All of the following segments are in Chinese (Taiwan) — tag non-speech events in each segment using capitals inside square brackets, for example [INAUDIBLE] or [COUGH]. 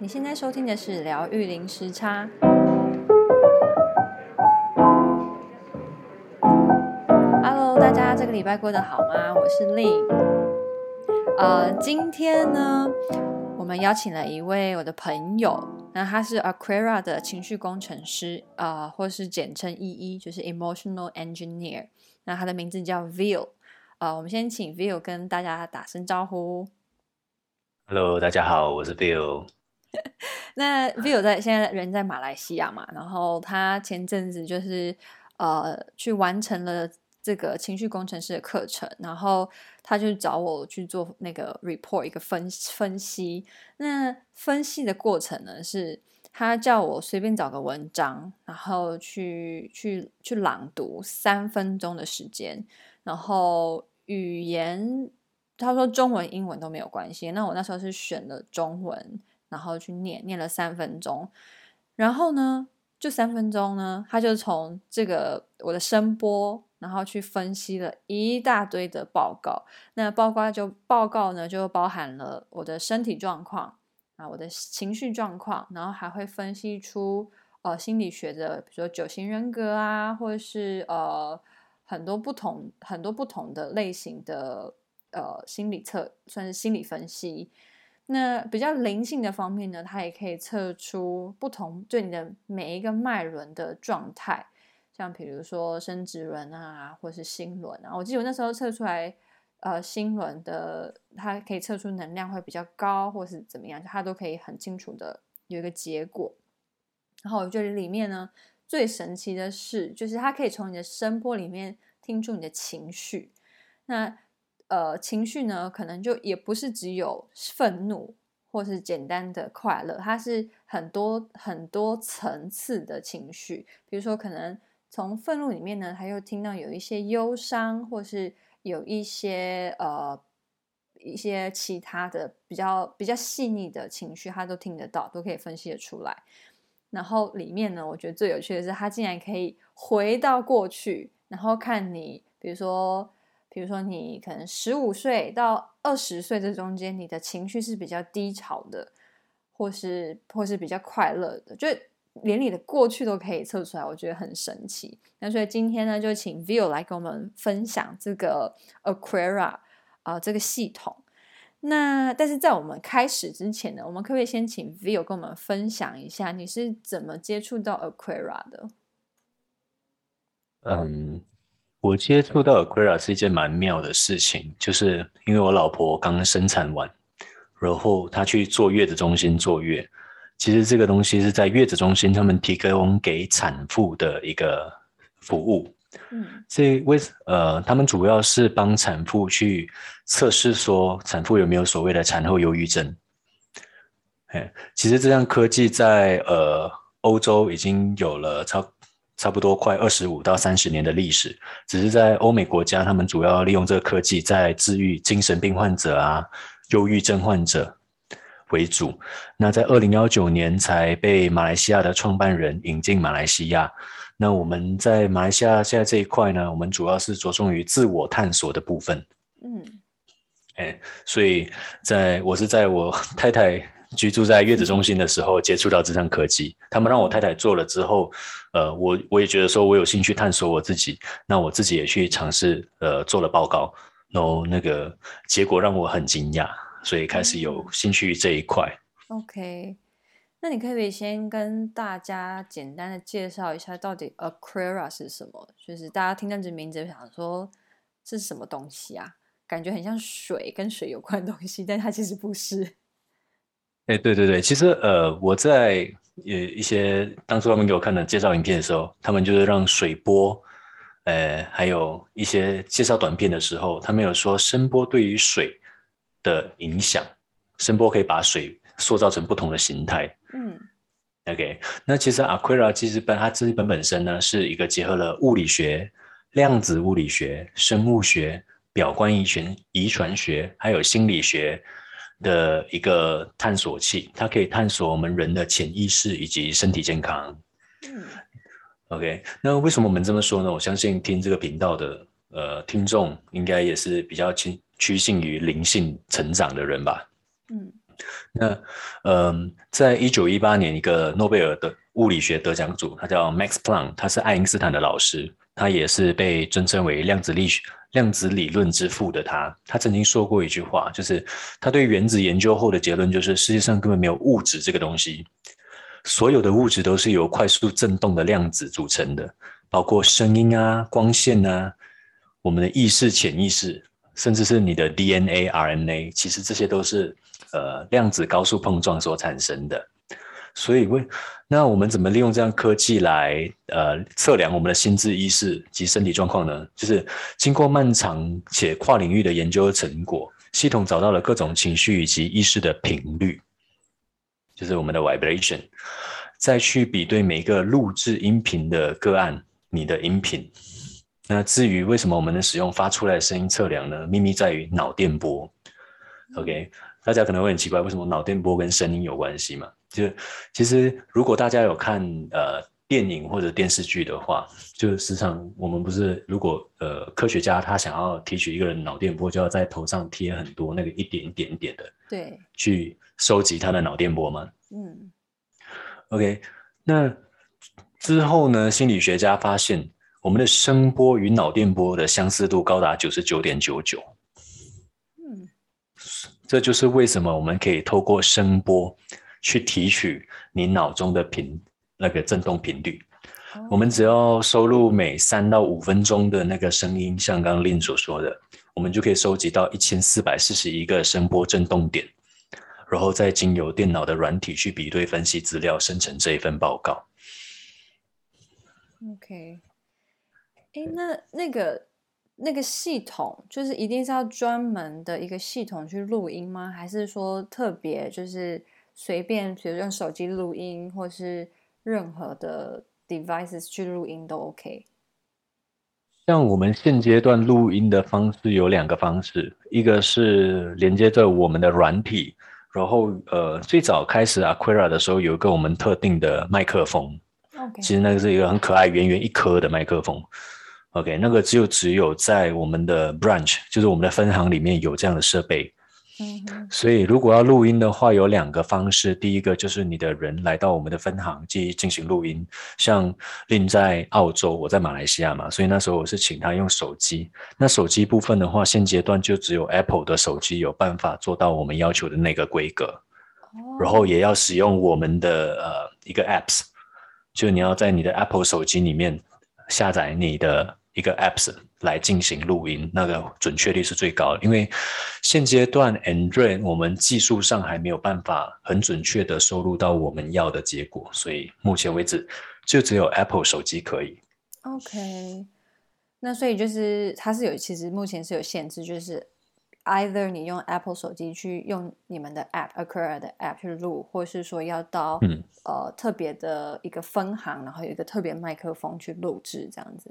你現在收聽的是療癒零時差。Hello，大家這個禮拜過得好嗎？我是麗。呃，今天呢，我們邀請了一位我的朋友，那他是 Aquera 的情緒工程師啊、呃，或是簡稱 E E，就是 Emotional Engineer。那他的名字叫 Vil。呃，我們先請 Vil 跟大家打聲招呼。Hello，大家好，我是 Vil。 [LAUGHS] 那 Vil 在現在人在馬來西亞嘛，然後他前陣子就是呃去完成了這個情緒工程師的課程，然後他就找我去做那個 report 一個分分析。那分析的過程呢是，他叫我隨便找個文章，然後去去去朗讀三分鐘的時間，然後語言他說中文、英文都沒有關係。那我那時候是選了中文。然後去念，念了三分鐘，然後呢，就三分鐘呢，他就從這個我的聲波，然後去分析了一大堆的報告，那包括就報告呢，就包含了我的身體狀況啊，我的情緒狀況，然後還會分析出呃心理學的，比如說九型人格啊，或者是呃很多不同很多不同的類型的呃心理測，算是心理分析。那比較靈性的方面呢，它也可以測出不同對你的每一個脈輪的狀態，像比如說生殖輪啊，或是心輪啊。我記得我那時候測出來，呃，心輪的它可以測出能量會比較高，或是怎麼樣，它都可以很清楚的有一個結果。然後我覺得裡面呢，最神奇的是，就是它可以從你的聲波裡面聽出你的情緒。那呃，情緒呢，可能就也不是只有憤怒或是簡單的快樂，它是很多很多層次的情緒。比如說，可能從憤怒裡面呢，他又聽到有一些憂傷，或是有一些呃一些其他的比較比較細膩的情緒，他都聽得到，都可以分析得出來。然後裡面呢，我覺得最有趣的是，他竟然可以回到過去，然後看你，比如說。比如說，你可能十五歲到二十歲這中間，你的情緒是比較低潮的，或是或是比較快樂的，就是連你的過去都可以測出來，我覺得很神奇。那所以今天呢，就請 Vil 來跟我們分享這個 Aquera 啊、呃、這個系統。那但是在我們開始之前呢，我們可不可以先請 Vil 跟我們分享一下你是怎麼接觸到 Aquera 的？嗯、um...。我接觸到 Aquera 是一件蠻妙的事情，就是因為我老婆剛生產完，然後她去坐月子中心坐月。其實這個東西是在月子中心他們提供給產婦的一個服務，所以為呃，他們主要是幫產婦去測試說產婦有沒有所謂的產後憂鬱症。哎，其實這項科技在呃歐洲已經有了超。差不多快二十五到三十年的歷史，只是在歐美國家，他們主要利用這個科技在治癒精神病患者啊、憂鬱症患者為主。那在二零一九年才被馬來西亞的創辦人引進馬來西亞。那我們在馬來西亞現在這一塊呢，我們主要是着重於自我探索的部分。嗯，哎、欸，所以在我是在我太太，居住在月子中心的時候，接觸到這項科技，他們讓我太太做了之後，呃，我我也覺得說，我有興趣探索我自己，那我自己也去嘗試，呃，做了報告，然後那個結果讓我很驚訝，所以開始有興趣這一塊。OK，那你可不可以先跟大家簡單的介紹一下，到底 Aquera 是什麼？就是大家聽到這名字，就想說這是什麼東西啊？感覺很像水跟水有關的東西，但它其實不是。哎、欸，對對對，其實呃，我在呃一些當初他們給我看的介紹影片的時候，他們就是讓水波，呃，還有一些介紹短片的時候，他們有說聲波對於水的影響，聲波可以把水塑造成不同的形態。嗯，OK，那其實 Aquera 其實本它自己本本身呢是一個結合了物理學、量子物理學、生物學、表觀遺傳遺傳學還有心理學。的一個探索器，它可以探索我們人的潛意識以及身體健康。嗯，OK，那為什麼我們這麼說呢？我相信聽這個頻道的呃聽眾，應該也是比較趨趨近於靈性成長的人吧。嗯，那嗯、呃，在一九一八年，一個諾貝爾的物理學得獎組，他叫 Max Planck，他是愛因斯坦的老師。他也是被尊稱為量子力學、量子理論之父的他。他曾經說過一句話，就是他對原子研究後的結論就是：世界上根本沒有物質這個東西，所有的物質都是由快速振動的量子組成的，包括聲音啊、光線啊、我們的意識、潛意識，甚至是你的 DNA、RNA，其實這些都是呃量子高速碰撞所產生的。所以，為那我們怎麼利用這樣科技來呃測量我們的心智意識及身體狀況呢？就是經過漫長且跨領域的研究成果，系統找到了各種情緒以及意識的頻率，就是我們的 vibration。再去比對每個錄製音頻的個案，你的音頻。那至於為什麼我們能使用發出來的聲音測量呢？秘密在於腦電波。OK，大家可能會很奇怪，為什麼腦電波跟聲音有關係嘛？就其實，如果大家有看呃電影或者電視劇的話，就時常我們不是如果呃科學家他想要提取一個人腦電波，就要在頭上貼很多那個一點一點點的，對，去收集他的腦電波嗎？嗯。OK，那之後呢？心理學家發現我們的聲波與腦電波的相似度高達九十九點九九。嗯，這就是為什麼我們可以透過聲波。去提取你腦中的頻那個震動頻率，Oh. 我們只要收錄每三到五分鐘的那個聲音，像剛令所說的，我們就可以收集到一千四百四十一個聲波震動點，然後再經由電腦的軟體去比對分析資料，生成這一份報告。OK，哎，那那個那個系統就是一定是要專門的一個系統去錄音嗎？還是說特別就是？隨便，比如用手機錄音，或是任何的 devices 去錄音都 OK。像我們現階段錄音的方式有兩個方式，一個是連接在我們的軟體，然後呃，最早開始 Aquera 的時候有一個我們特定的麥克風，okay。其實那個是一個很可愛圓圓一顆的麥克風，OK，那個就只有在我們的 branch，就是我們的分行裡面有這樣的設備。 [NOISE] 所以如果要錄音的話，有兩個方式。第一個就是你的人來到我們的分行去進行錄音，像另在澳洲，我在馬來西亞嘛，所以那時候我是請他用手機。那手機部分的話，現階段就只有 Apple 的手機有辦法做到我們要求的那個規格，Oh. 然後也要使用我們的呃一個 Apps 就你要在你的 Apple 手機裡面下載你的一個 Apps。來進行錄音，那個準確率是最高的。因為現階段 Android 我們技術上還沒有辦法很準確的收錄到我們要的結果，所以目前為止就只有 Apple 手機可以。OK，那所以就是它是有，其實目前是有限制，就是 either 你用 Apple 手機去用你們的 app Aquera 的 app 去錄，或是說要到嗯、呃、特別的一個分行，然後有一個特別麥克風去錄制這樣子。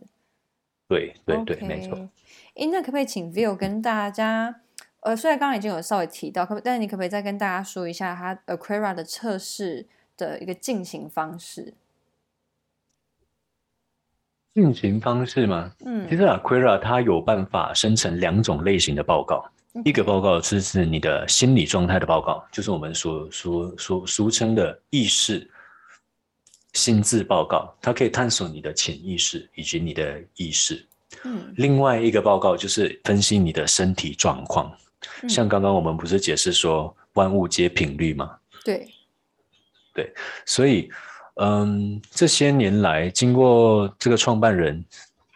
對對對，Okay. 沒錯。哎，那可不可以請 Vil 跟大家，呃，雖然剛剛已經有稍微提到，可不，不但是你可不可以再跟大家說一下，它 Aquera 的測試的一個進行方式？進行方式嗎？嗯，其實 Aquera 它有辦法生成兩種類型的報告，嗯，一個報告是是你的心理狀態的報告，就是我們所所所俗稱的意識。心智報告，它可以探索你的潛意識以及你的意識。嗯，另外一個報告就是分析你的身體狀況。嗯。像剛剛我們不是解釋說萬物皆頻率嗎？對，對，所以，嗯，這些年來，經過這個創辦人，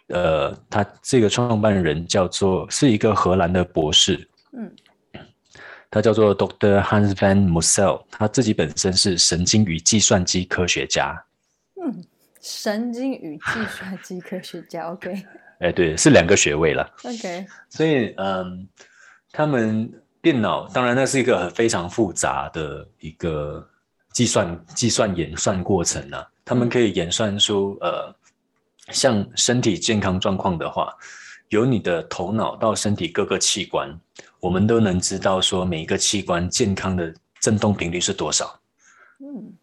呃，他這個創辦人叫做是一個荷蘭的博士。嗯。他叫做 Doctor Hans van Mussel，他自己本身是神經與計算機科學家。嗯，神經與計算機科學家 [LAUGHS] ，OK、欸。哎，對，是兩個學位了，OK。所以，嗯、呃，他們電腦，當然那是一個非常複雜的一個計算、計算演算過程啊。他們可以演算出，呃，像身體健康狀況的話。由你的頭腦到身體各個器官，我們都能知道說每一個器官健康的振動頻率是多少。嗯。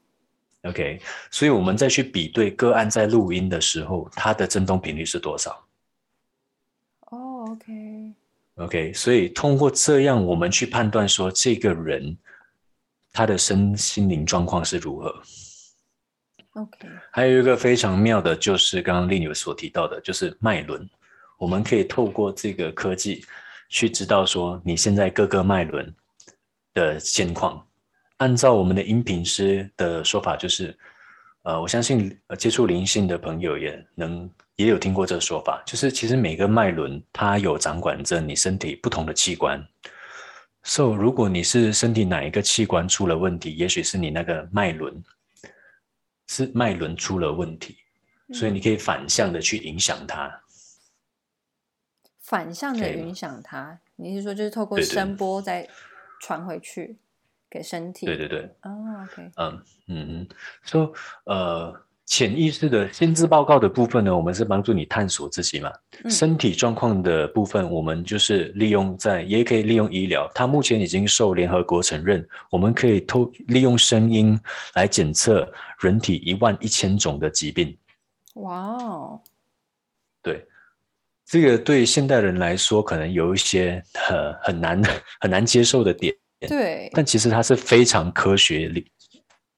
OK，所以我們再去比對個案在錄音的時候，它的振動頻率是多少？哦，OK。OK，所以通過這樣，我們去判斷說這個人他的身心靈狀況是如何。OK。還有一個非常妙的，就是剛剛麗女士所提到的，就是脈輪。我們可以透過這個科技去知道說你現在各個脈輪的現況。按照我們的音頻師的說法，就是呃，我相信接觸靈性的朋友也能也有聽過這個說法，就是其實每個脈輪它有掌管着你身體不同的器官。所以，如果你是身體哪一個器官出了問題，也許是你那個脈輪是脈輪出了問題，所以你可以反向的去影響它。反向的影響它，你是說就是透過聲波再傳回去給身體？對對對。啊、oh，OK。嗯嗯嗯，說呃，潛意識的心智報告的部分呢，我們是幫助你探索自己嘛。嗯、身體狀況的部分，我們就是利用在，也可以利用醫療。它目前已經受聯合國承認，我們可以透利用聲音來檢測人體一萬一千種的疾病。哇哦！這個對現代人來說，可能有一些很很難很難接受的點。對，但其實它是非常科學，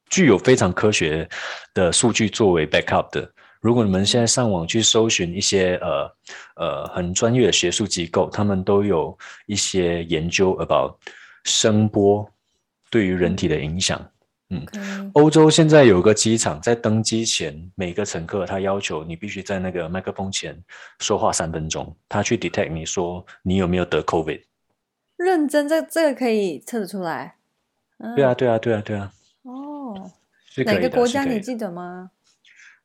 具有非常科學的數據作為 backup 的。如果你們現在上網去搜尋一些呃呃很專業的學術機構，他們都有一些研究 about 聲波對於人體的影響。嗯，okay. 歐洲現在有一個機場，在登機前，每個乘客他要求你必須在那個麥克風前說話三分鐘，他去 detect 你說你有沒有得 COVID。認真，這這個可以測得出來、嗯。對啊，對啊，對啊，對啊。哦。是的。哪個國家你記得嗎？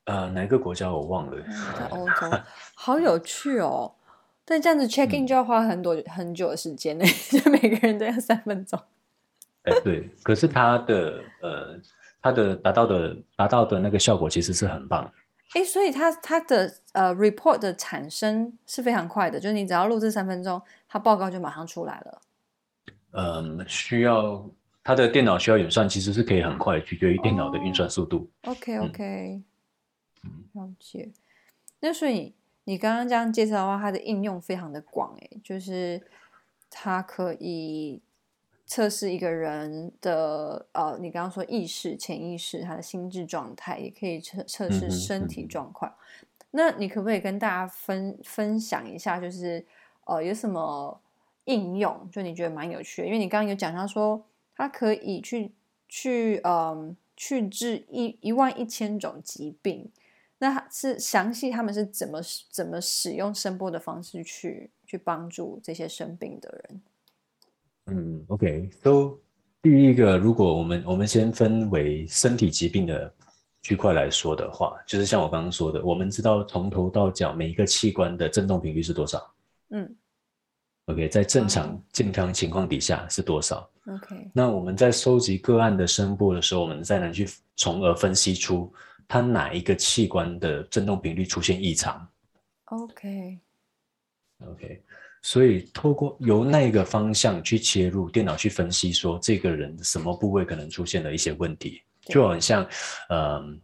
呃，哪個國家我忘了。哦、在歐洲。 [LAUGHS] 好有趣哦！但這樣子 check in 就要花很多、嗯、很久的時間呢，就每個人都要三分鐘。 [LAUGHS] 欸、對，可是它的呃，它的達到的達到的那個效果其實是很棒。哎、欸，所以它它的呃 report 的產生是非常快的，就是你只要錄制三分鐘，它報告就馬上出來了。嗯、呃，需要它的電腦需要演算，其實是可以很快，取決於電腦的運算速度、哦嗯。OK OK，嗯，了解。那所以你剛剛這樣介紹的話，它的應用非常的廣、欸，就是它可以。測試一個人的呃，你剛剛說意識、潛意識，他的心智狀態，也可以測測試身體狀況。 [LAUGHS] 那你可不可以跟大家分分享一下，就是呃，有什麼應用？就你覺得蠻有趣的，因為你剛剛有講到說，他可以去去嗯、呃、去治一一萬一千種疾病。那是詳細他們是怎麼怎麼使用聲波的方式去去幫助這些生病的人。嗯，OK，o、okay. so, 第一個，如果我們我們先分為身體疾病的區塊來說的話，就是像我剛剛說的，我們知道從頭到腳每一個器官的振動頻率是多少。嗯，OK，在正常健康情況底下是多少，嗯？OK，那我們在收集個案的聲波的時候，我們再能去，從而分析出它哪一個器官的振動頻率出現異常。OK，OK、okay. okay.。所以，透過由那個方向去切入電腦去分析，說這個人什麼部位可能出現了一些問題，就很像，嗯，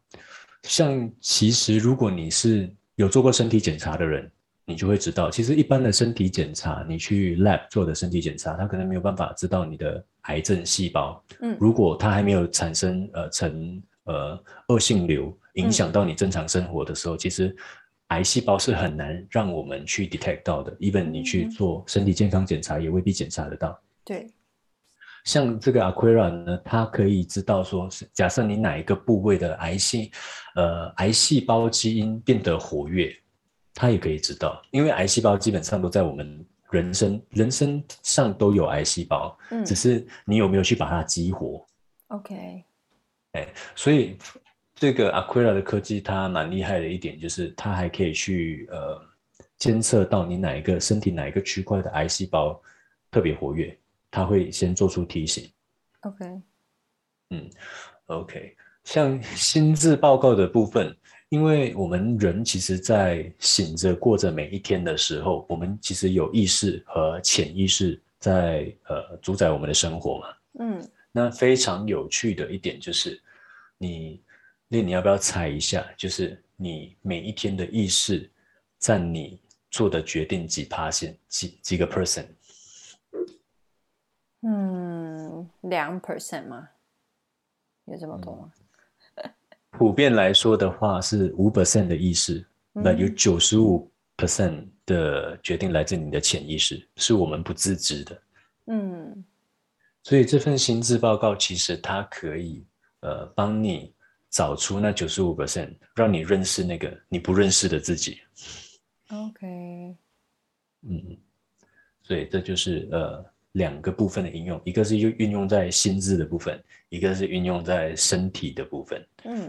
像其實如果你是有做過身體檢查的人，你就會知道，其實一般的身體檢查，你去 lab 做的身體檢查，他可能沒有辦法知道你的癌症細胞。嗯，如果它還沒有產生呃成呃惡性瘤，影響到你正常生活的時候，其實。癌細胞是很難讓我們去 detect 到的，even 你去做身體健康檢查也未必檢查得到。對，像這個 Aquera 呢，它可以知道說，假設你哪一個部位的癌細，呃，癌細胞基因變得活躍，它也可以知道，因為癌細胞基本上都在我們人身人身上都有癌細胞，嗯，只是你有沒有去把它激活。OK，哎、欸，所以。這個 Aquera 的科技，它蠻厲害的一點就是，它還可以去呃監測到你哪一個身體哪一個區塊的癌細胞特別活躍，它會先做出提醒。OK，嗯，OK，像心智報告的部分，因為我們人其實，在醒着過着每一天的時候，我們其實有意識和潛意識在呃主宰我們的生活嘛。嗯，那非常有趣的一點就是你。那你要不要猜一下？就是你每一天的意識，佔你做的決定幾趴線幾幾個 percent？嗯，兩 percent 嗎？有這麼多嗎？嗯、普遍來說的話是五 percent 的意識，那有九十五 percent 的決定來自你的潛意識，是我們不自知的。嗯，所以這份心智報告其實它可以呃幫你。找出那九十五 percent，讓你認識那個你不認識的自己。OK，嗯，所以這就是呃兩個部分的應用，一個是運運用在心智的部分，一個是運用在身體的部分。嗯，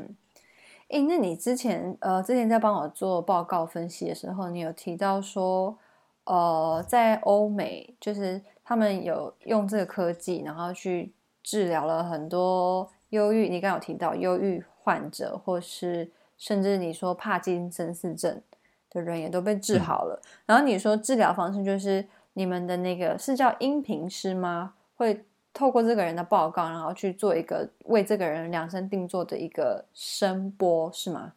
哎、欸，那你之前呃之前在幫我做報告分析的時候，你有提到說，呃，在歐美就是他們有用這個科技，然後去治療了很多。憂鬱，你剛剛有提到憂鬱患者，或是甚至你說帕金森氏症的人也都被治好了。嗯。然後你說治療方式就是你們的那個是叫音頻師嗎？會透過這個人的報告，然後去做一個為這個人量身定做的一個聲波，是嗎？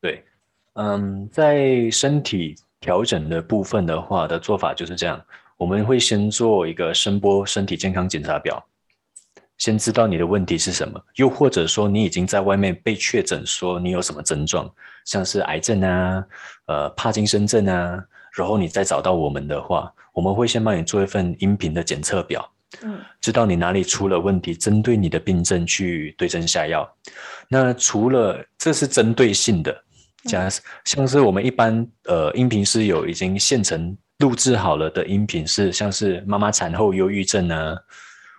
對，嗯，在身體調整的部分的話的做法就是這樣，我們會先做一個聲波身體健康檢查表。先知道你的問題是什麼，又或者說你已經在外面被確診說你有什麼症狀，像是癌症啊、呃帕金森症啊，然後你再找到我們的話，我們會先幫你做一份音頻的檢測表，嗯，知道你哪裡出了問題，針對你的病症去對症下藥。那除了這是針對性的，加像是我們一般呃音頻是有已經現成錄制好了的音頻是，是像是媽媽產後憂鬱症啊。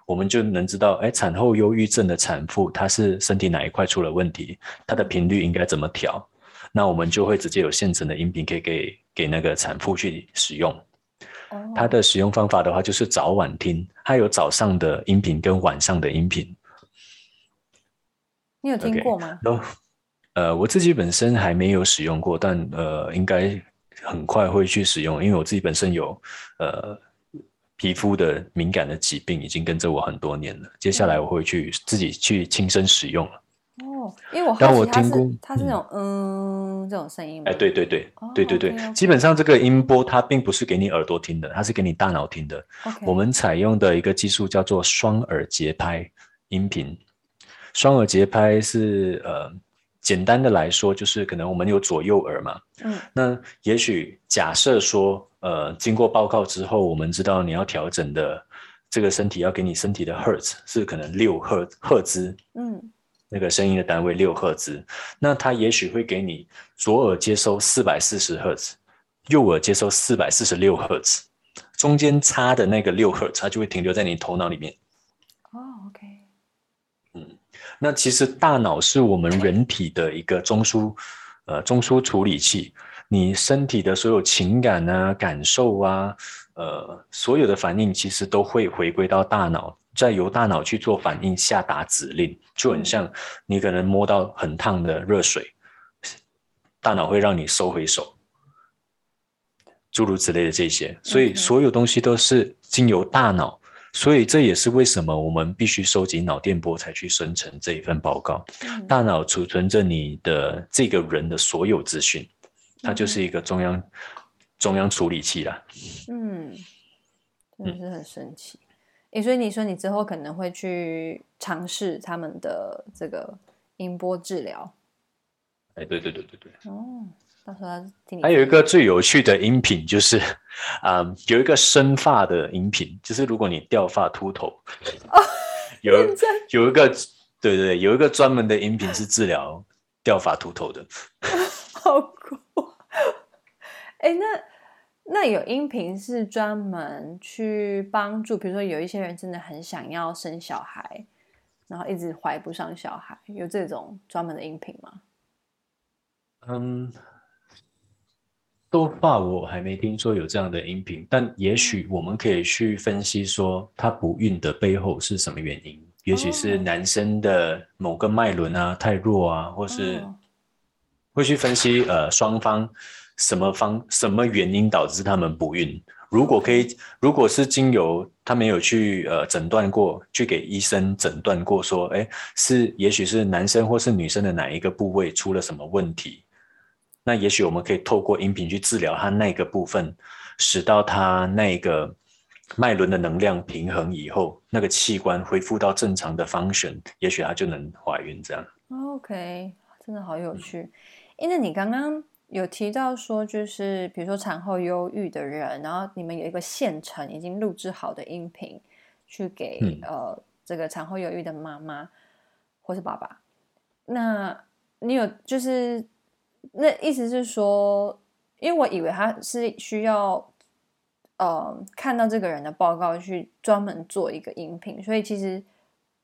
我們就能知道，哎，產後憂鬱症的產婦她是身體哪一塊出了問題，她的頻率應該怎麼調？那我們就會直接有現成的音頻，可以給給那個產婦去使用。Oh. 它的使用方法的話，就是早晚聽，它有早上的音頻跟晚上的音頻。你有聽過嗎？Okay. So, 呃，我自己本身還沒有使用過，但呃，應該很快會去使用，因為我自己本身有呃。皮膚的敏感的疾病已經跟着我很多年了，接下來我會去、嗯、自己去親身使用了。哦，因為我當我聽過它是，嗯是那種嗯這種聲音，哎，對對對對對對、哦 okay, okay，基本上這個音波它並不是給你耳朵聽的，它是給你大腦聽的。Okay，我們採用的一個技術叫做雙耳節拍音頻。雙耳節拍是呃簡單的來說，就是可能我們有左右耳嘛，嗯，那也許假設說。呃，經過報告之後，我們知道你要調整的這個身體，要給你身體的赫茲是可能六赫赫茲，嗯，那個聲音的單位六赫茲，那它也許會給你左耳接收四百四十赫茲，右耳接收四百四十六赫茲，中間差的那個六赫茲，它就會停留在你頭腦裡面。哦，OK，嗯，那其實大腦是我們人體的一個中樞，okay. 呃，中樞處理器。你身體的所有情感啊，感受啊，呃，所有的反應其實都會回歸到大腦，再由大腦去做反應、下達指令，就很像你可能摸到很燙的熱水，大腦會讓你收回手，諸如此類的這些，所以所有東西都是經由大腦，mm -hmm. 所以這也是為什麼我們必須收集腦電波才去生成這一份報告。大腦儲存着你的這個人的所有資訊。它就是一個中央中央處理器啦，嗯，真的是很神奇。誒、嗯欸，所以你說你之後可能會去嘗試他們的這個音波治療？欸、對對對對對。哦，他說他聽。還有一個最有趣的音頻就是、嗯嗯，有一個生髮的音頻，就是如果你掉髮禿頭， [LAUGHS] 有 [LAUGHS] 有一個對對對，有一個專門的音頻是治療掉髮禿頭的。好。 [LAUGHS] 哎，那那有音頻是專門去幫助，比如說有一些人真的很想要生小孩，然後一直懷不上小孩，有這種專門的音頻嗎？嗯，多半我還沒聽說有這樣的音頻，但也許我們可以去分析說他不孕的背後是什麼原因，也許是男生的某個脈輪啊太弱啊，或是會去分析呃雙方。什麼方、什麼原因導致他們不孕？如果可以，如果是精油，他沒有去呃診斷過，去給醫生診斷過，說，哎，是也許是男生或是女生的哪一個部位出了什麼問題？那也許我們可以透過音頻去治療他那個部分，使到他那個脈輪的能量平衡以後，那個器官恢復到正常的 function，也許他就能懷孕。這樣，OK，真的好有趣，嗯、因為你剛剛。有提到說，就是比如說產後憂鬱的人，然後你們有一個現成已經錄制好的音頻，去給呃這個產後憂鬱的媽媽或是爸爸。那你有就是那意思是說，因為我以為他是需要呃看到這個人的報告去專門做一個音頻，所以其實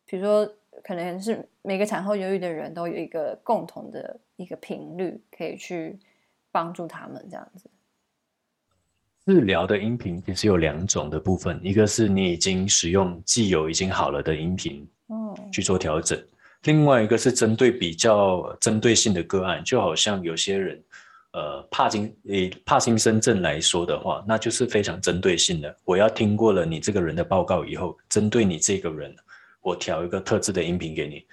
比如說可能是每個產後憂鬱的人都有一個共同的一個頻率可以去。幫助他們這樣子。治療的音頻其實有兩種的部分，一個是你已經使用既有已經好了的音頻，嗯，去做調整，哦，另外一個是針對比較針對性的個案，就好像有些人，呃，帕金，呃，帕金森症來說的話，那就是非常針對性的。我要聽過了你這個人的報告以後，針對你這個人，我調一個特制的音頻給你，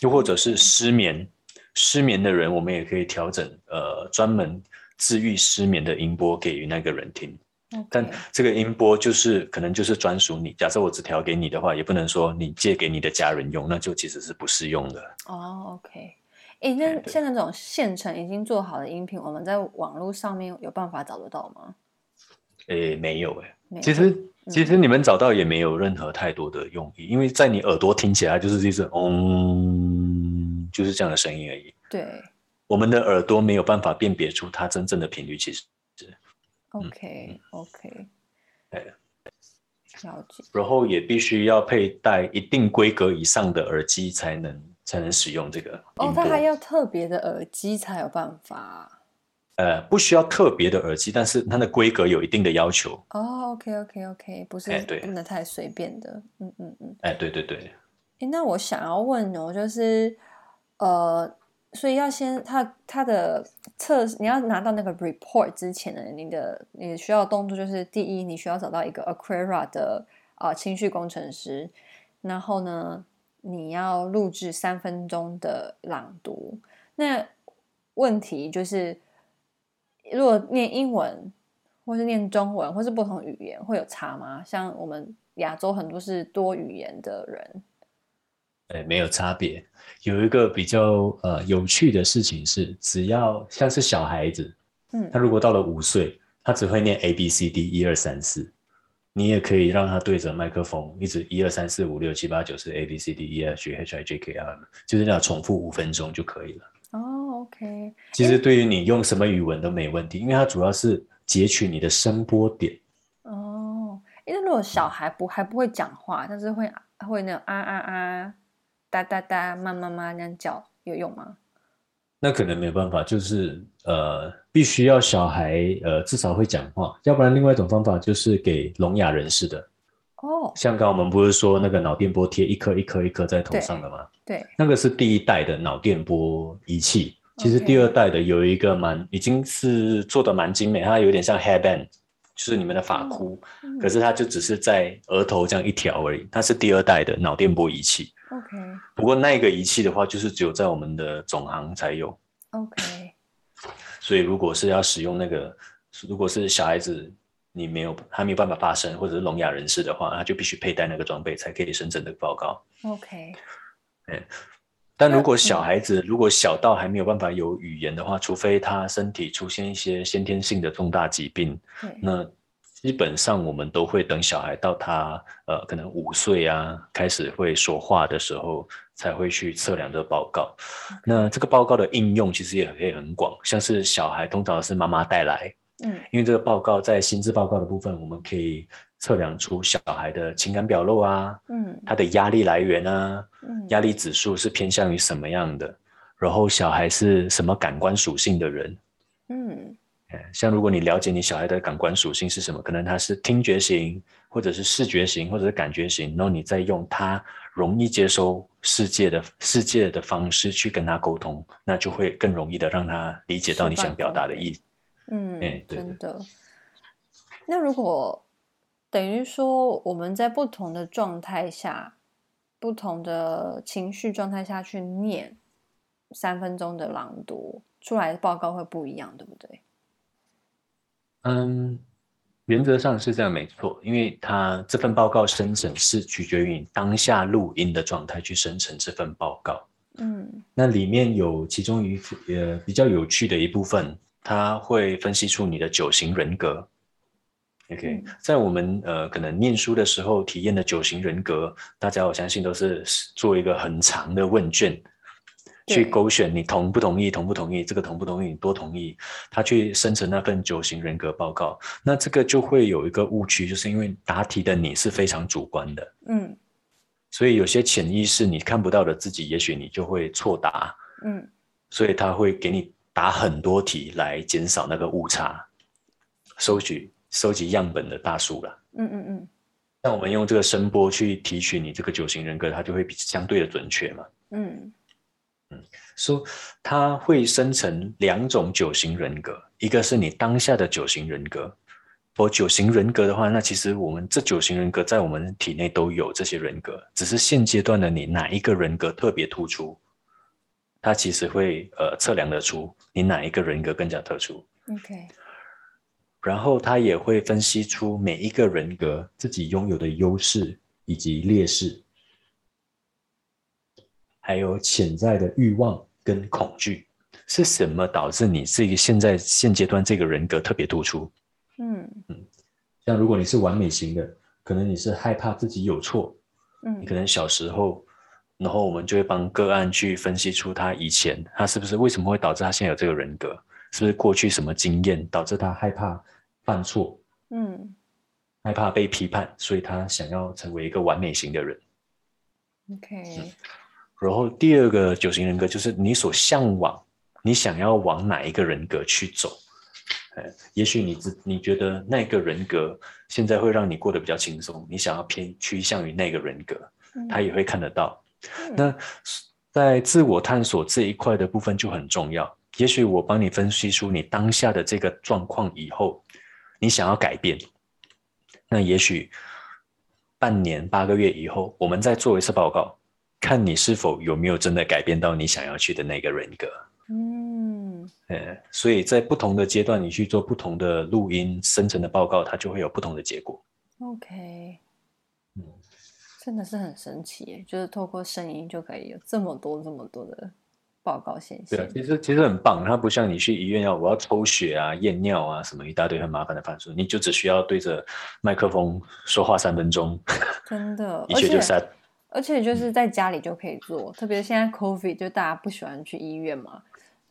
又或者是失眠。嗯失眠的人，我們也可以調整，呃，專門治癒失眠的音波給予那個人聽。Okay. 但這個音波就是可能就是專屬你。假設我只調給你的話，也不能說你借給你的家人用，那就其實是不適用的。哦、oh，OK，哎、欸，那像那種現成已經做好的音頻，yeah, 我們在網絡上面有辦法找得到嗎？誒、欸，沒有、欸、沒有其實、嗯，其實你們找到也沒有任何太多的用意，因為在你耳朵聽起來就是就是嗯就是這樣的聲音而已。對，我們的耳朵沒有辦法辨別出它真正的頻率，其實是。OK OK，嗯，了解。然後也必須要佩戴一定規格以上的耳機才能才能使用這個。哦，它還要特別的耳機才有辦法啊。呃，不需要特別的耳機，但是它的規格有一定的要求。哦，OK OK OK，不是不能太隨便的。嗯、欸、嗯嗯。哎、嗯欸，對對對，欸。那我想要問哦，就是。呃，所以要先他，它他的測試，你要拿到那個 report 之前呢，你的你需要動作就是第一，你需要找到一個 Aquera 的啊、呃、情緒工程師，然後呢，你要錄製三分鐘的朗讀。那問題就是，如果念英文，或是念中文，或是不同語言會有差嗎？像我們亞洲很多是多語言的人。哎，沒有差別。有一個比較呃有趣的事情是，只要像是小孩子，嗯，他如果到了五歲，他只會念 A B C D 一二三四，你也可以讓他對着麥克風一直一二三四五六七八九十 A B C D E F G H I J K L，就是那樣重複五分鐘就可以了。哦、oh，OK。其實對於你用什麼語文都沒問題，因為它主要是截取你的聲波點。哦、oh，因為如果小孩不、嗯、還不會講話，但是會會那種啊啊啊。噠噠噠，慢慢慢，那樣叫有用嗎？那可能沒有辦法，就是呃，必須要小孩呃至少會講話，要不然另外一種方法就是給聾啞人士的。哦，香港我們不是說那個腦電波貼一顆一顆一顆，一顆在頭上的嗎？對，對，那個是第一代的腦電波儀器，其實第二代的有一個蠻已經是做的蠻精美，它有點像 headband。就是你們的髮箍、哦嗯，可是它就只是在額頭這樣一條而已。它是第二代的腦電波儀器。OK，不過那個儀器的話，就是只有在我們的總行才有。OK，所以如果是要使用那個，如果是小孩子，你沒有他沒有辦法發聲，或者是聾啞人士的話，他就必須佩戴那個裝備才可以生成這個報告。OK，、yeah. 但如果小孩子 [NOISE] 如果小到還沒有辦法有語言的話，除非他身體出現一些先天性的重大疾病， [NOISE] 那基本上我們都會等小孩到他呃可能五歲啊開始會說話的時候才會去測量這報告。 [NOISE] 那這個報告的應用其實也可以很廣，像是小孩通常是媽媽帶來。嗯，因為這個報告在心智報告的部分，我們可以測量出小孩的情感表露啊，嗯，他的壓力來源啊、嗯，壓力指數是偏向於什麼樣的，然後小孩是什麼感官屬性的人，嗯，像如果你了解你小孩的感官屬性是什麼，可能他是聽覺型，或者是視覺型，或者是感覺型，然後你再用他容易接收世界的、世界的方式去跟他溝通，那就會更容易的讓他理解到你想表達的意思。嗯、欸對對，真的。那如果等於說我們在不同的狀態下，不同的情緒狀態下去念三分鐘的朗讀，出來的報告會不一樣，對不對？嗯，原則上是這樣，沒錯。因為他這份報告生成是取決於你當下錄音的狀態去生成這份報告。嗯，那裡面有其中一個呃比較有趣的一部分。他會分析出你的九型人格。OK，在我們呃可能念書的時候體驗的九型人格，大家我相信都是做一個很長的問卷，去勾選你同不同意，同不同意，這個同不同意，你多同意，他去生成那份九型人格報告。那這個就會有一個誤區，就是因為答題的你是非常主觀的，嗯，所以有些潛意識你看不到的自己，也許你就會錯答，嗯，所以他會給你。打很多題來減少那個誤差，收取收集樣本的大數了。嗯嗯嗯。那我們用這個聲波去提取你這個九型人格，它就會比相對的準確嘛。嗯嗯。說它會生成兩種九型人格，一個是你當下的九型人格。哦，九型人格的話，那其實我們這九型人格在我們體內都有這些人格，只是現階段的你哪一個人格特別突出。他其實會呃測量得出你哪一個人格更加特殊。OK，然後他也會分析出每一個人格自己擁有的優勢以及劣勢，還有潛在的欲望跟恐懼是什麼導致你這個現在現階段這個人格特別突出，嗯嗯，像如果你是完美型的，可能你是害怕自己有錯，嗯，你可能小時候。然後我們就會幫個案去分析出他以前他是不是為什麼會導致他現在有這個人格，是不是過去什麼經驗導致他害怕犯錯，嗯，害怕被批判，所以他想要成為一個完美型的人。OK。嗯。然後第二個九型人格就是你所向往，你想要往哪一個人格去走？也許你自，你覺得那個人格現在會讓你過得比較輕鬆，你想要偏趨向於那個人格，他也會看得到。嗯嗯，那在自我探索這一塊的部分就很重要。也許我幫你分析出你當下的這個狀況以後，你想要改變，那也許半年八個月以後，我們再做一次報告，看你是否有沒有真的改變到你想要去的那個人格。嗯，Yeah, 所以在不同的階段，你去做不同的錄音生成的報告，它就會有不同的結果。OK。真的是很神奇耶，就是透過聲音就可以有這麼多這麼多的報告現象。對啊。其實其實很棒，它不像你去醫院要我要抽血啊、驗尿啊什麼一大堆很麻煩的繁瑣，你就只需要對着麥克風說話三分鐘，真的， [LAUGHS] 一切就散。而且就是在家裡就可以做，特別現在 COVID 就大家不喜歡去醫院嘛。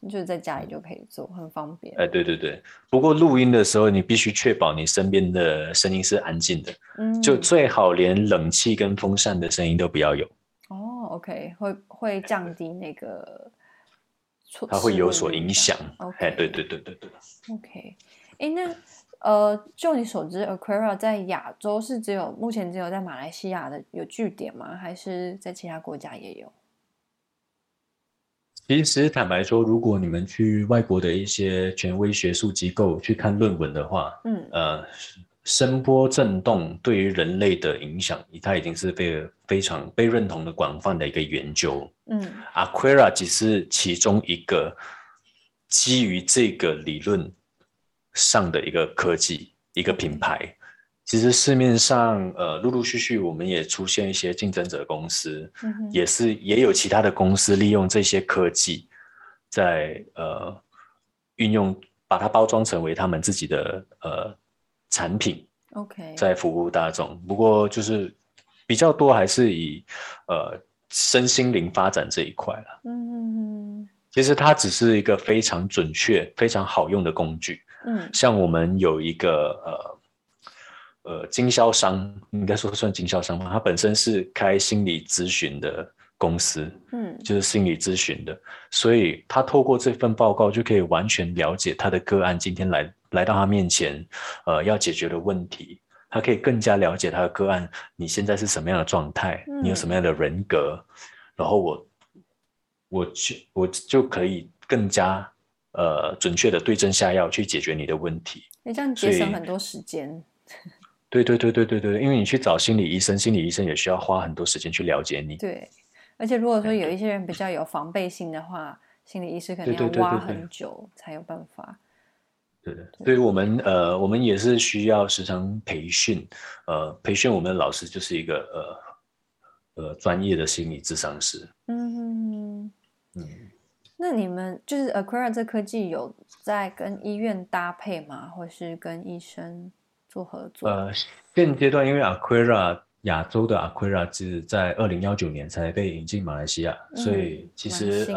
就在家裡就可以做，很方便。哎、欸，對對對，不過錄音的時候，你必須確保你身邊的聲音是安靜的、嗯，就最好連冷氣跟風扇的聲音都不要有。哦，OK，會會降低那個，欸、它會有所影響。OK，對、欸、對對對對。OK，哎、欸，那呃，就你所知，Aquera 在亞洲是只有目前只有在馬來西亞的有據點嗎？還是在其他國家也有？其實坦白說，如果你們去外國的一些權威學術機構去看論文的話，嗯，呃，聲波震動對於人類的影響，它已經是一個非常被認同的廣泛的一個研究。嗯，Aquera 只是其中一個基於這個理論上的一個科技、嗯、一個品牌。其實市面上，呃，陸陸續續我們也出現一些競爭者公司，mm -hmm. 也是也有其他的公司利用這些科技在，在呃運用把它包裝成為他們自己的呃產品。OK，在服務大眾。Okay. 不過就是比較多還是以呃身心靈發展這一塊了。嗯、mm -hmm.，其實它只是一個非常準確、非常好用的工具。嗯、mm -hmm.，像我們有一個呃。呃，經銷商應該說算經銷商吧，他本身是開心理諮詢的公司，嗯，就是心理諮詢的，所以他透過這份報告就可以完全了解他的個案今天來來到他面前，呃，要解決的問題，他可以更加了解他的個案，你現在是什麼樣的狀態，嗯，你有什麼樣的人格，然後我我就我就可以更加呃準確的對症下藥去解決你的問題，你這樣節省很多時間。對對對對對對，因為你去找心理醫生，心理醫生也需要花很多時間去了解你。對，而且如果說有一些人比較有防備心的話，心理醫師肯定要挖很久才有辦法。對對對，所以我們呃，我們也是需要時常培訓，呃，培訓我們的老師就是一個呃呃專業的心理諮商師。嗯哼嗯。那你們就是呃，Aquera 這科技有在跟醫院搭配嗎？或是跟醫生？做合作，呃，現階段因為 Aquera 亞洲的 Aquera 是在二零幺九年才被引進馬來西亞，嗯，所以其實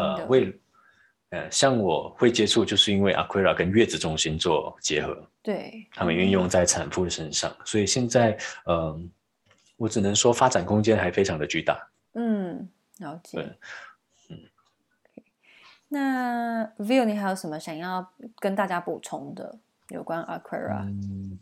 呃像我會接觸，就是因為 Aquera 跟月子中心做結合，對，他們運用在產婦的身上，嗯，所以現在，呃，我只能說發展空間還非常的巨大。嗯，了解。嗯 okay. 那 Vil，你還有什麼想要跟大家補充的有關 Aquera？、嗯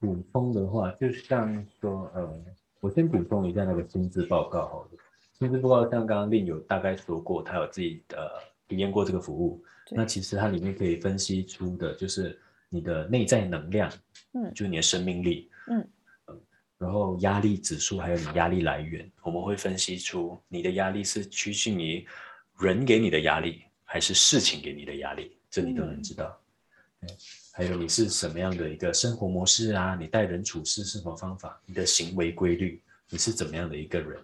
補充的話，就像說，呃、嗯，我先補充一下那個心智報告，好，好的，心智報告像剛剛 Lin 有大概說過，他有自己的體、呃、驗過這個服務，那其實它裡面可以分析出的，就是你的內在能量，嗯，就是你的生命力，嗯，嗯，然後壓力指數還有你壓力來源，我們會分析出你的壓力是趨近於人給你的壓力，還是事情給你的壓力，這你都能知道。嗯還有你是什麼樣的一個生活模式啊？你待人處事什麼方法？你的行為規律，你是怎麼樣的一個人？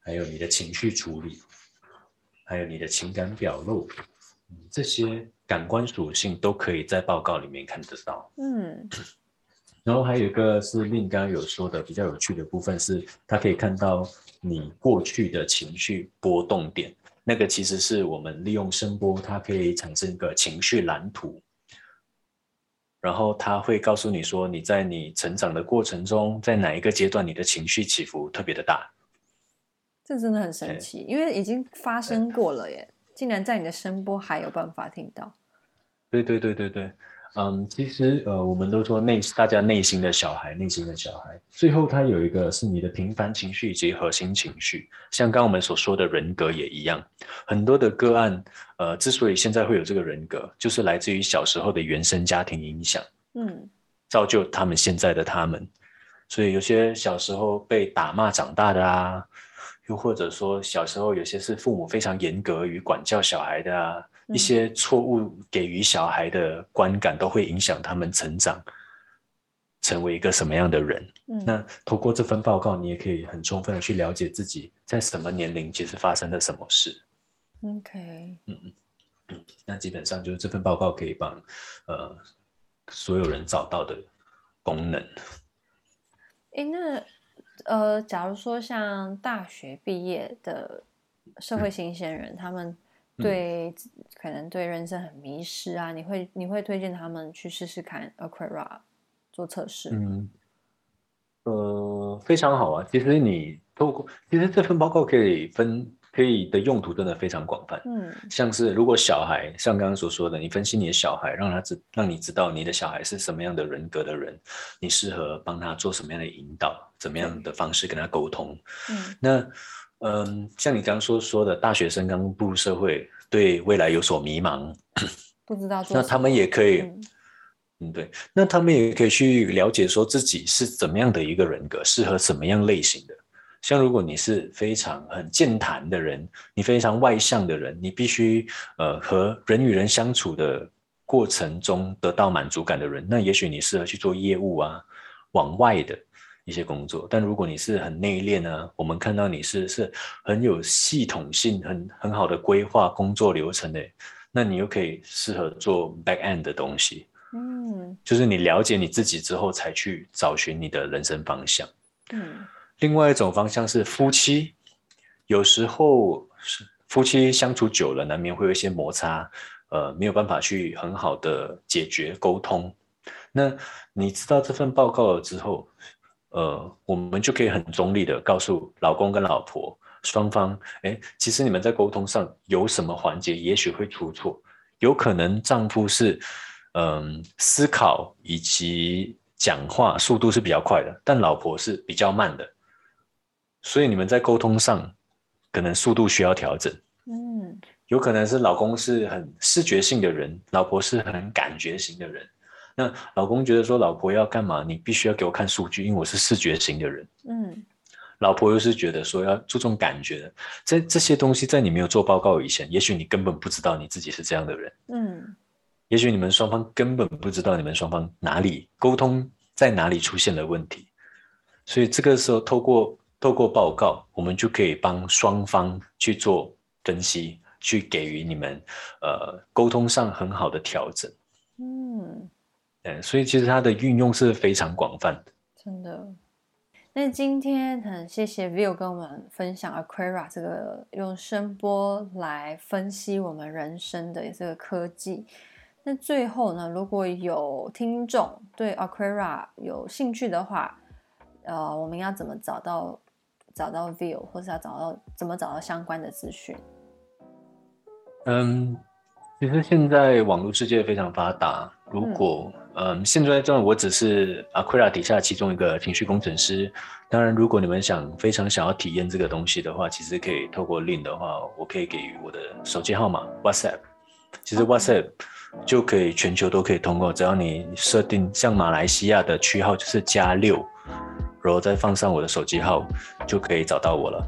還有你的情緒處理，還有你的情感表露，嗯、這些感官屬性都可以在報告裡面看得到。嗯。然後還有一個是令剛剛有說的比較有趣的部分，是它可以看到你過去的情緒波動點。那個其實是我們利用聲波，它可以產生一個情緒藍圖。然後他會告訴你說，你在你成長的過程中，在哪一個階段你的情緒起伏特別的大？這真的很神奇，因為已經發生過了耶，竟然在你的聲波還有辦法聽到。對對對對對。嗯、um，其實呃，我們都說內大家內心的小孩，內心的小孩，最後他有一個是你的平凡情緒以及核心情緒，像剛剛我們所說的人格也一樣，很多的個案，呃，之所以現在會有這個人格，就是來自於小時候的原生家庭影響，嗯，造就他們現在的他們，所以有些小時候被打罵長大的啊，又或者說小時候有些是父母非常嚴格與管教小孩的啊。一些錯誤給予小孩的觀感都會影響他們成長，成為一個什麼樣的人。嗯，那透過這份報告，你也可以很充分地去了解自己在什麼年齡其實發生了什麼事。OK，嗯，那基本上就是這份報告可以幫，呃，所有人找到的功能。哎，那呃，假如說像大學畢業的社會新鮮人，嗯，他們。對，可能對人生很迷失啊！你會你會推薦他們去試試看 Aquera 做測試？嗯，呃，非常好啊！其實你透過其實這份報告可以分可以的用途真的非常廣泛。嗯，像是如果小孩像剛剛所說的，你分析你的小孩，讓他知讓你知道你的小孩是什麼樣的人格的人，你適合幫他做什麼樣的引導，怎麼樣的方式跟他溝通？嗯，那。嗯，像你剛剛說說的，大學生剛步入社會，對未來有所迷茫， [LAUGHS] 不知道。那他們也可以嗯，嗯，對，那他們也可以去了解說自己是怎麼樣的一個人格，適合什麼樣類型的。像如果你是非常很健談的人，你非常外向的人，你必須呃和人與人相處的過程中得到滿足感的人，那也許你適合去做業務啊，往外的。一些工作，但如果你是很內斂呢，啊，我們看到你是是很有系統性、很很好的規劃工作流程的，那你又可以適合做 backend 的東西。嗯，就是你了解你自己之後，才去找尋你的人生方向。嗯，另外一種方向是夫妻，有時候夫妻相處久了，難免會有一些摩擦，呃，沒有辦法去很好的解決溝通。那你知道這份報告了之後，呃，我們就可以很中立的告訴老公跟老婆雙方，哎，其實你們在溝通上有什麼環節，也許會出錯，有可能丈夫是，嗯、呃，思考以及講話速度是比較快的，但老婆是比較慢的，所以你們在溝通上可能速度需要調整。嗯，有可能是老公是很視覺性的人，老婆是很感覺型的人。那老公覺得說，老婆要幹嘛，你必須要給我看數據，因為我是視覺型的人。嗯，老婆又是覺得說要注重感覺的。這這些東西在你沒有做報告以前，也許你根本不知道你自己是這樣的人。嗯，也許你們雙方根本不知道你們雙方哪裡溝通在哪裡出現了問題。所以這個時候，透過透過報告，我們就可以幫雙方去做分析，去給予你們呃溝通上很好的調整。嗯。Yeah, 所以其實它的運用是非常廣泛的，真的。那今天很謝謝 Vil 跟我們分享 Aquera 這個用聲波來分析我們人生的這個科技。那最後呢，如果有聽眾對 Aquera 有興趣的話，呃，我們要怎麼找到找到 Vil，或者要找到怎麼找到相關的資訊？嗯，其實現在網絡世界非常發達，如果、嗯嗯，現在我只是 Aquera 底下其中一個情緒工程師。當然，如果你們想非常想要體驗這個東西的話，其實可以透過 link 的話，我可以給予我的手機號碼 WhatsApp。其實 WhatsApp 就可以全球都可以通過，只要你設定像馬來西亞的區號就是加六，然後再放上我的手機號，就可以找到我了。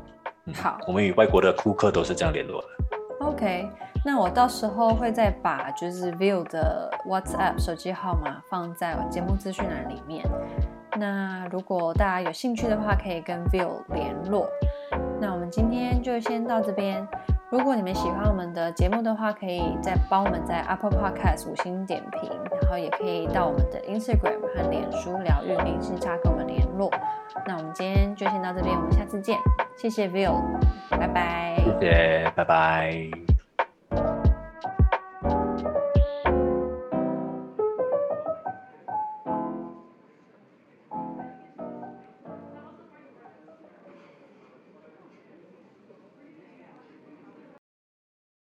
嗯，好，我們與外國的顧客都是這樣聯絡的。Okay。那我到時候會再把就是 Vil 的 WhatsApp 手機號碼放在我節目資訊欄裡面。那如果大家有興趣的話，可以跟 Vil 聯絡。那我們今天就先到這邊。如果你們喜歡我們的節目的話，可以再幫我們在 Apple Podcast 五星點評，然後也可以到我們的 Instagram 和臉書療癒零時差跟我們聯絡。那我們今天就先到這邊，我們下次見。謝謝 Vil，拜拜。謝謝，拜拜。